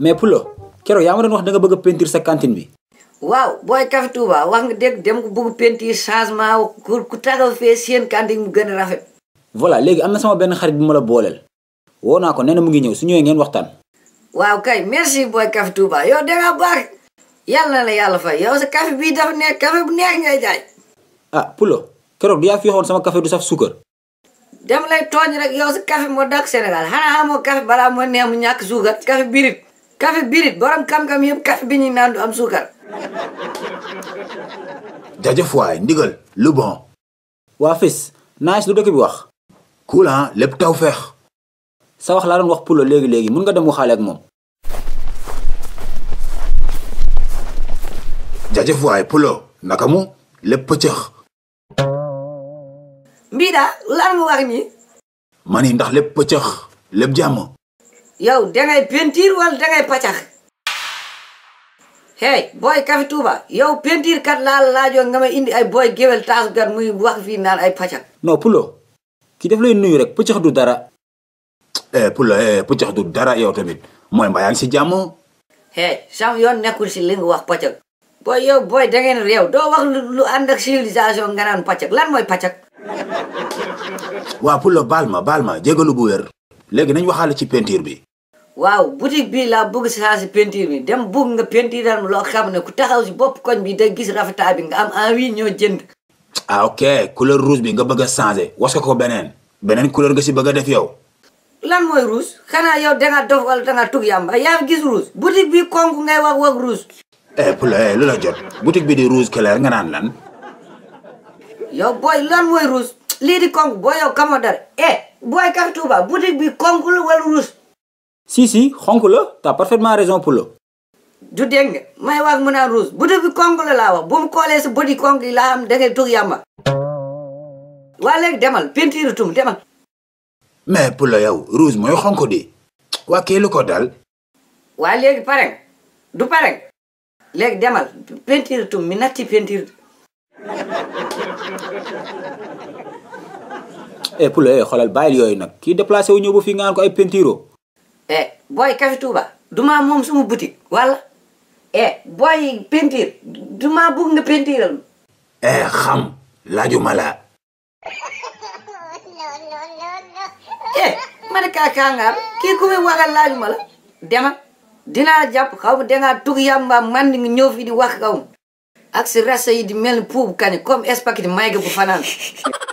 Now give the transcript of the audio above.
mais Poula keroog yaa ma doon wax da bëgg a peinture sa cantine bi. waaw booy Café Touba wax nga dégg dem ko bëgg peinture changement ku tagal fee seen cantine mu a rafet. voilà am na sama benn xarit bu ma la woo naa ko nee na mu ngi ñëw su ñëwee ngeen waxtaan. waaw kay merci booy Café Touba yow da nga na la yàlla fay yow sa café bii dafa bu neex ngay jaay. ah Poula keroog du yaa fi waxoon sama café du saf suukar. dem lay tooñ rek yow sa café moo dàq Sénégal xanaa xamoo café balaa moo neex mu ñàkk suukar café birit café birit borom kam-kam yëpp café bi ñuy naan du am suukar jaajëf waay ndigal lu bon waa fis naagis lu dëkk bi wax kulan ah, lépp taw feex sa wax laa wax pulo léegi-léegi mun nga dem waxaale ak moom jaajëf waay pulo naka mu lépp pëccëx mbii daa laa nga ñi ma ndax lépp pëccëx lépp jàmm yow dangay peinture wala dangay pàccax hey booy Café Touba yow peinture kat laal laajoon nga ma indi ay booy géwél taasu gat muy wax fii naan ay pàccax non Pulo ki def lay nuyu rek pëccax du dara eh, Pulo eh, pëccax dara yow tamit mooy mbaa si jàmm hey sam yoon nekkul si li nga wax pàccax booy yow booy da rew réew doo wax lu ànd ak civilisation nga naan pàccax lan mooy pàccax waa Pulo baal ma baal ma jégalu bu wér léegi nañ waxaale ci peinture bi waaw boutique bii laa bëgg si saa si peinture bi dem bëgg nga peinture am loo xam ne ku taxaw si bopp koñ bi day gis rafetaay bi nga am envie ñoo jënd. ah ok couleur rouge bi nga bëgg a changé was ko ko beneen beneen couleur nga si bëgg def yow. lan mooy rouge xanaa yow danga dof wala danga tug yàmba yaa gis rouge boutique bi konku ngay wax wax rouge. eh Poulay eh, lu la jot boutique bi di ruus clair nga naan lan. yow booy lan mooy rouge lii di konku booy yow kamoo dara eh booy si si xonk la t'as parfaitement raison pour du dégg may wax mu naan rouge bu bi konk la laa wax bu mu koolee sa bët yi konk yi laa am dangay tugg yàmba. waa léegi demal peinture tum demal. mais pour la yow rouge mooy xonk de waa kii lu ko dal. waa léegi pare du pare léegi demal peinture tum mi natti peinture. eh pour la eh xoolal bàyyil yooyu nag kii déplacé wu ñëw ba fii nga ko ay peinture. eh booy Café Touba duma moom suma boutique wala eh booy peinture duma bëgg nga peintural eh xam laajuma la eh ma ne kaa kaangaar kii ku muy waxal laajuma la demal dinaa jàpp xaw ma dangaa tug man di nga ñëw fi di wax xaw ak si rasa yi di mel ni puubu kani comme espagnol mayga bu fanaan